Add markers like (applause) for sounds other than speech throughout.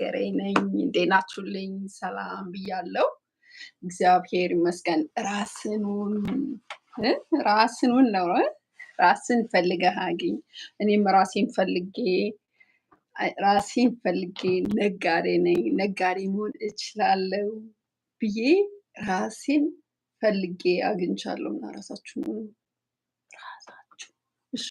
ገሬ ነኝ። እንዴት ናችሁልኝ? ሰላም ብያለው። እግዚአብሔር ይመስገን። ራስንን ራስንን ነው ራስን ፈልገህ አግኝ። እኔም ራሴን ፈልጌ ራሴን ፈልጌ ነጋዴ ነኝ፣ ነጋዴ መሆን እችላለው ብዬ ራሴን ፈልጌ አግኝቻለሁ እና ራሳችሁ ራሳችሁ። እሺ፣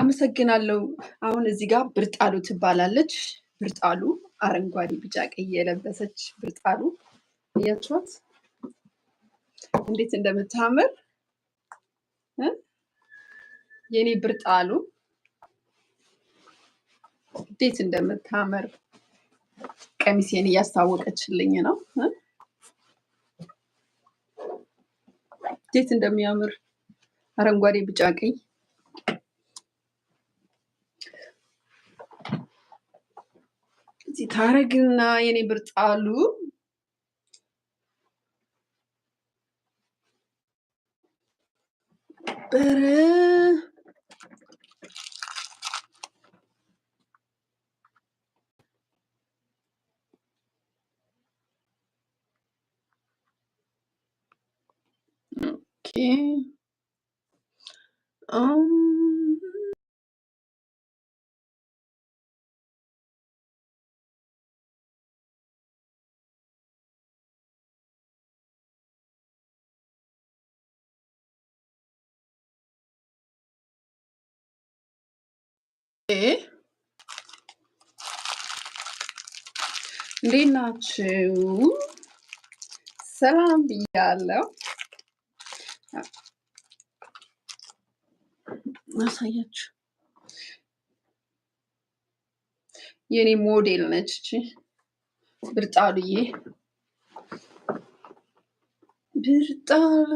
አመሰግናለሁ። አሁን እዚህ ጋር ብርጣሉ ትባላለች። ብርጣሉ አረንጓዴ፣ ቢጫ፣ ቀይ የለበሰች ብርጣሉ እያችኋት እንዴት እንደምታምር የኔ ብርጣሉ እንዴት እንደምታምር ቀሚሴን እያስታወቀችልኝ ነው። እንዴት እንደሚያምር አረንጓዴ፣ ቢጫ፣ ቀይ ታረግና የኔ ብርጣሉ ነበረ ኦኬ እንዴት ናችሁ? ሰላም ብያለሁ። አሳያችሁ። የእኔ ሞዴል ነች እቺ ብርጣሉዬ ብርጣሉ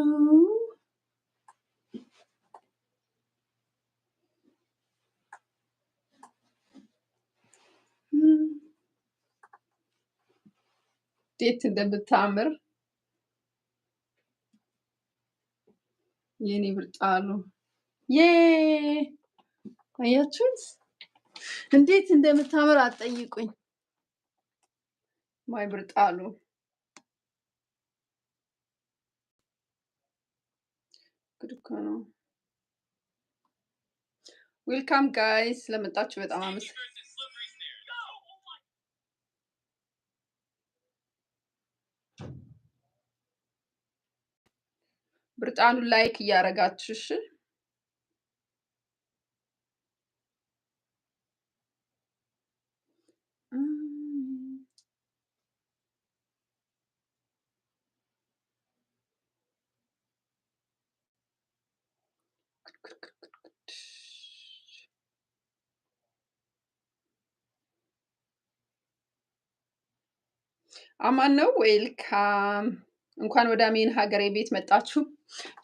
እንዴት እንደምታምር የኔ ብርጣሉ ዬ አያችሁት? እንዴት እንደምታምር አትጠይቁኝ። ማይ ብርጣሉ ግድኮ ነው። ዌልካም ጋይስ፣ ስለመጣችሁ በጣም አመሰግናለሁ። ብርጣኑን ላይክ እያረጋችሁ እሺ። አማን ነው። ዌልካም እንኳን ወደ አሜን ሀገሬ ቤት መጣችሁ።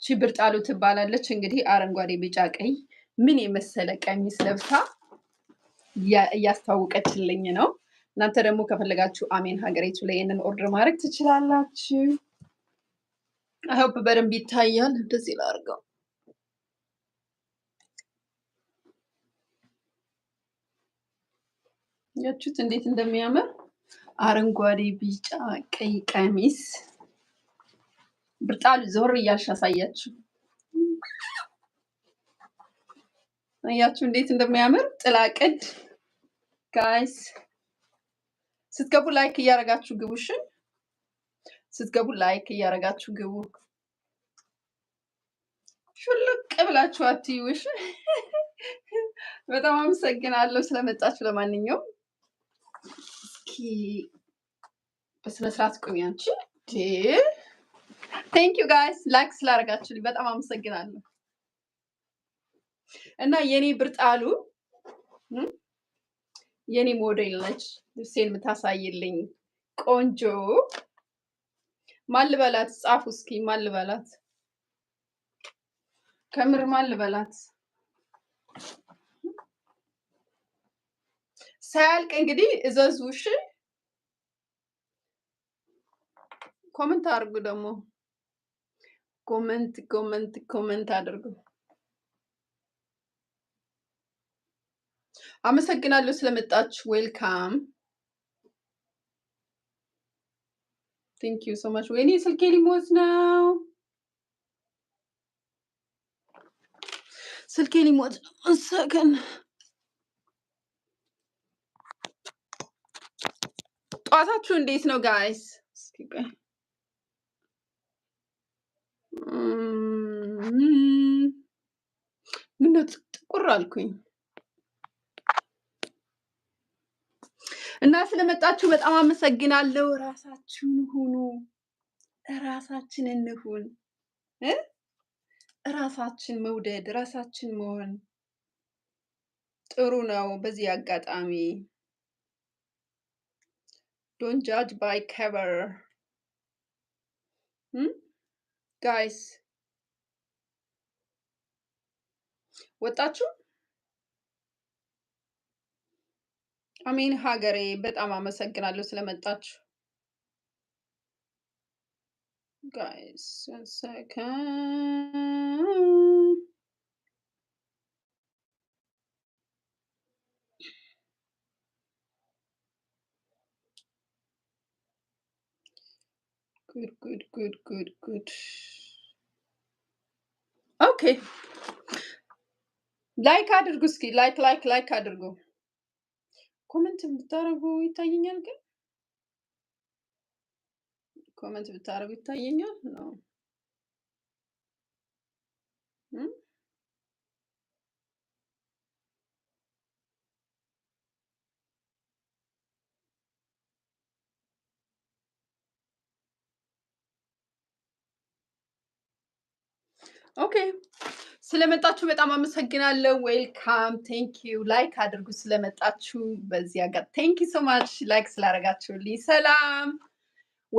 ሽብር ጣሉ ትባላለች። እንግዲህ አረንጓዴ፣ ቢጫ፣ ቀይ ምን የመሰለ ቀሚስ ለብሳ እያስተዋወቀችልኝ ነው። እናንተ ደግሞ ከፈለጋችሁ አሜን ሀገሬቱ ላይ ይህንን ኦርደር ማድረግ ትችላላችሁ። አይሆፕ በደንብ ይታያል። እንደዚህ ላርገው ያችሁት እንዴት እንደሚያምር አረንጓዴ፣ ቢጫ፣ ቀይ ቀሚስ ብርጣል ዞር እያልሽ አሳያችሁ። አያችሁ እንዴት እንደሚያምር ጥላቅድ ጋይስ። ስትገቡ ላይክ እያረጋችሁ ግቡሽን ስትገቡ ላይክ እያረጋችሁ ግቡ። ሹልቅ ብላችሁ አትዩሽ። በጣም አመሰግናለሁ ስለመጣችሁ። ለማንኛውም እስኪ በስነስርዓት ቁሚ አንቺ ቴንክ ዩ ጋይስ ላይክ ስላደረጋችሁልኝ በጣም አመሰግናለሁ። እና የኔ ብርጣሉ የኔ ሞዴል ነች፣ ልብሴን የምታሳይልኝ ቆንጆ ማልበላት። ጻፉ እስኪ ማልበላት፣ ከምር ማልበላት ሳያልቅ እንግዲህ እዘዙሽ ኮመንት አድርጉ ደግሞ ኮመንት ኮመንት ኮመንት አድርጉ። አመሰግናለሁ ስለመጣችሁ። ዌልካም ቴንክ ዩ ሶ ማች። ወይኔ ስልኬ ሊሞት ነው፣ ስልኬ ሊሞት ነው። ሰከን ጠዋታችሁ እንዴት ነው ጋይስ? ምነው ጥቁር አልኩኝ። እና ስለመጣችሁ በጣም አመሰግናለሁ። ራሳችሁን ሁኑ፣ ራሳችን እንሁን። ራሳችን መውደድ፣ ራሳችን መሆን ጥሩ ነው። በዚህ አጋጣሚ ዶንት ጃጅ ባይ ከቨር ጋይስ ወጣችሁ? አሜን ሀገሬ፣ በጣም አመሰግናለሁ ስለመጣችሁ። ጋይስ ሰከንድ Gut, gut, gut, gut, gut. ኦኬ ላይክ አድርጉ እስኪ ላይክ ላይክ ላይክ አድርጉ። ኮመንት ብታደርጉ ይታየኛል፣ ግን ኮመንት ብታደርጉ ይታየኛል ነው ኦኬ ስለመጣችሁ በጣም አመሰግናለሁ። ዌልካም ቴንክ ዩ። ላይክ አድርጉ ስለመጣችሁ በዚህ አጋ ቴንክ ዩ ሶ ማች ላይክ ስላደረጋችሁልኝ። ሰላም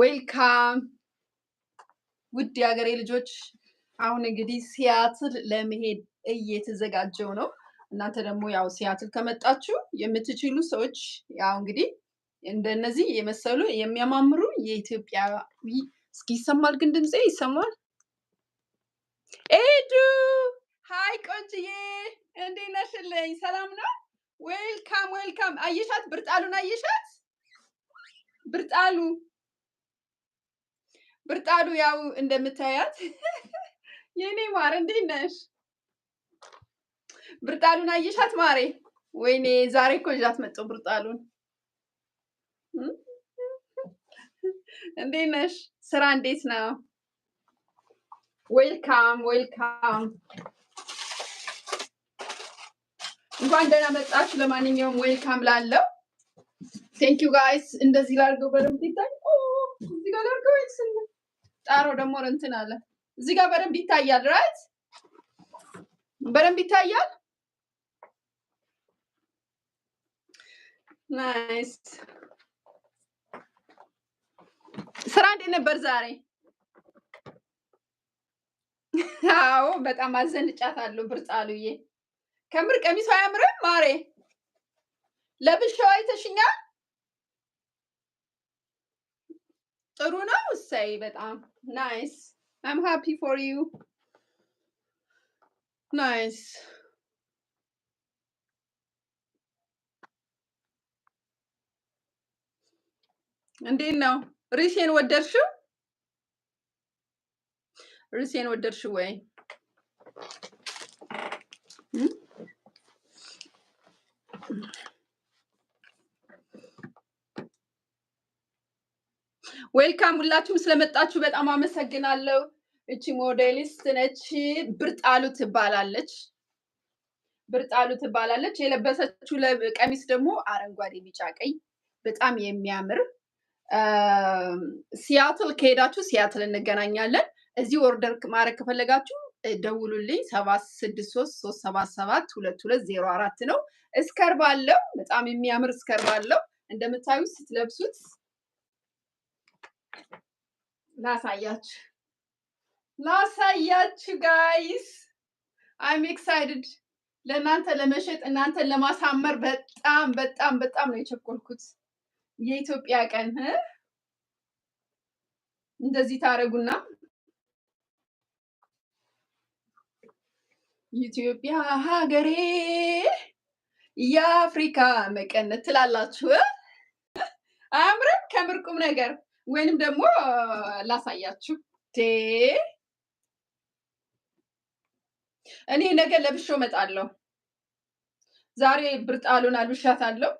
ዌልካም ውድ የሀገሬ ልጆች። አሁን እንግዲህ ሲያትል ለመሄድ እየተዘጋጀው ነው። እናንተ ደግሞ ያው ሲያትል ከመጣችሁ የምትችሉ ሰዎች ያው እንግዲህ እንደነዚህ የመሰሉ የሚያማምሩ የኢትዮጵያዊ እስኪ ይሰማል ግን ድምፄ ይሰማል ኤዱ ሀይ ቆንጅዬ፣ እንዴ ነሽልኝ? ሰላም ነው? ዌልካም ዌልካም። አየሻት? ብርጣሉን አየሻት? ብርጣሉ ብርጣሉ፣ ያው እንደምታያት (laughs) የኔ ማር፣ እንዴት ነሽ? ብርጣሉን አየሻት ማሬ? ወይኔ ዛሬ እኮ ይዣት መጣሁ ብርጣሉን። እንዴት ነሽ? ስራ እንዴት ነው? ዌልካም ዌልካም። እንኳን ደህና መጣችሁ። ለማንኛውም ዌልካም ላለው ቴንኪዩ ጋይስ። እንደዚህ ላድርገው በደንብ ይታይ። እዚህ ጋር ላድርገው። ስም ደግሞ እንትን አለ እዚህ ጋር በደንብ ይታያል። ራይት በደንብ ይታያል። ናይስ ስራ እንዴት ነበር ዛሬ? አዎ በጣም አዘንጫታለሁ። ብርጣሉዬ ከምር ቀሚሱ አያምርም ማሬ? ለብሼው አይተሽኛል? ጥሩ ነው። እሰይ በጣም ናይስ። አም ሃፒ ፎር ዩ ናይስ። እንዴት ነው ሪሼን ወደድሽው? ርዕሴን ወደድሽ ወይ? ዌልካም ሁላችሁም ስለመጣችሁ በጣም አመሰግናለሁ። እቺ ሞዴሊስት ነች፣ ብርጣሉ ትባላለች። ብርጣሉ ትባላለች። የለበሰችው ቀሚስ ደግሞ አረንጓዴ፣ ቢጫ፣ ቀይ በጣም የሚያምር ሲያትል ከሄዳችሁ ሲያትል እንገናኛለን። እዚህ ኦርደር ማድረግ ከፈለጋችሁ ደውሉልኝ ሰባት ስድስት ሶስት ሶስት ሰባት ሁለት ሁለት ዜሮ አራት ነው። እስከርብ አለው በጣም የሚያምር እስከርብ አለው። እንደምታዩት ስትለብሱት ላሳያችሁ ላሳያችሁ ጋይስ አይም ኤክሳይድድ ለእናንተ ለመሸጥ እናንተን ለማሳመር በጣም በጣም በጣም ነው የቸኮልኩት። የኢትዮጵያ ቀን እንደዚህ ታደርጉና ኢትዮጵያ ሀገሬ የአፍሪካ መቀነት ትላላችሁ። አያምርም? ከምርቁም ነገር ወይንም ደግሞ ላሳያችሁ። እኔ ነገ ለብሾ እመጣለሁ። ዛሬ ብርጣሉን አልብሻታለሁ።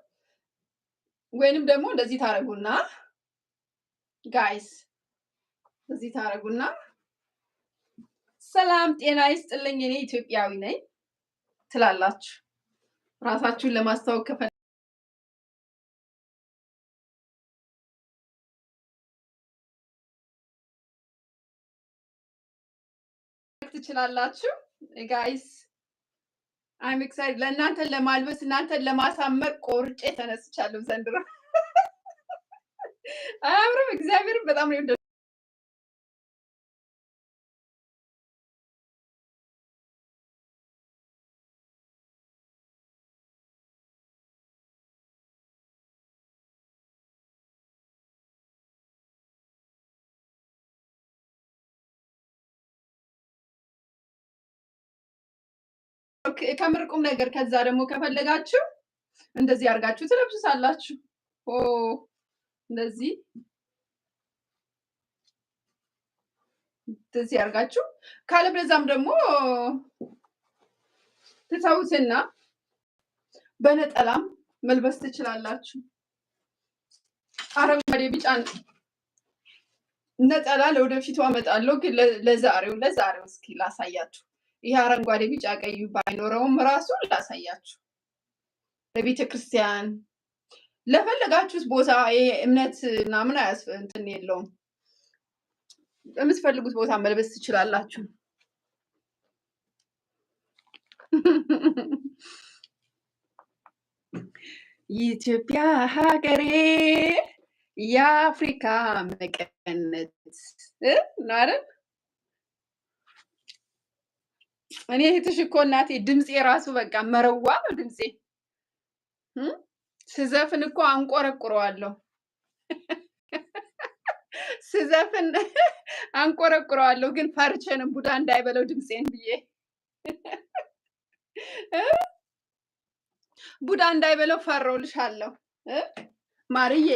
ወይንም ደግሞ እንደዚህ ታረጉና ጋይስ፣ እንደዚህ ታረጉና ሰላም ጤና ይስጥልኝ። እኔ ኢትዮጵያዊ ነኝ ትላላችሁ። ራሳችሁን ለማስታወቅ ከፈ ትችላላችሁ ጋይስ አይም ኤክሳይድ ለእናንተን ለማልበስ እናንተን ለማሳመር ቆርጬ ተነስቻለሁ ዘንድሮ (laughs) አያምርም እግዚአብሔርን በጣም ነው ከምር ቁም ነገር። ከዛ ደግሞ ከፈለጋችሁ እንደዚህ አድርጋችሁ ትለብሱሳላችሁ እንደዚህ እንደዚህ አድርጋችሁ ካለበለዛም ደግሞ ትተውትና በነጠላም መልበስ ትችላላችሁ። አረንጓዴ ቢጫ ነጠላ ለወደፊቱ አመጣለሁ፣ ግን ለዛሬው ለዛሬው እስኪ ላሳያችሁ። ይህ አረንጓዴ ቢጫ ቀዩ ባይኖረውም ራሱ ላሳያችሁ ለቤተ ክርስቲያን ለፈለጋችሁት ቦታ እምነት ምናምን አያስፈ እንትን የለውም። በምትፈልጉት ቦታ መልበስ ትችላላችሁ። (laughs) ኢትዮጵያ ሀገሬ የአፍሪካ መቀነት ነው አይደል? እኔ እህትሽ እኮ እናቴ ድምፄ ራሱ በቃ መረዋ ነው ድምፄ። ስዘፍን እኮ አንቆረቁረዋለሁ (laughs) ስዘፍን (laughs) አንቆረቁረዋለሁ፣ ግን ፈርቼንም ቡዳ እንዳይበለው ድምፄን ብዬ (laughs) ቡዳ እንዳይበለው ፈረውልሻለሁ ማርዬ።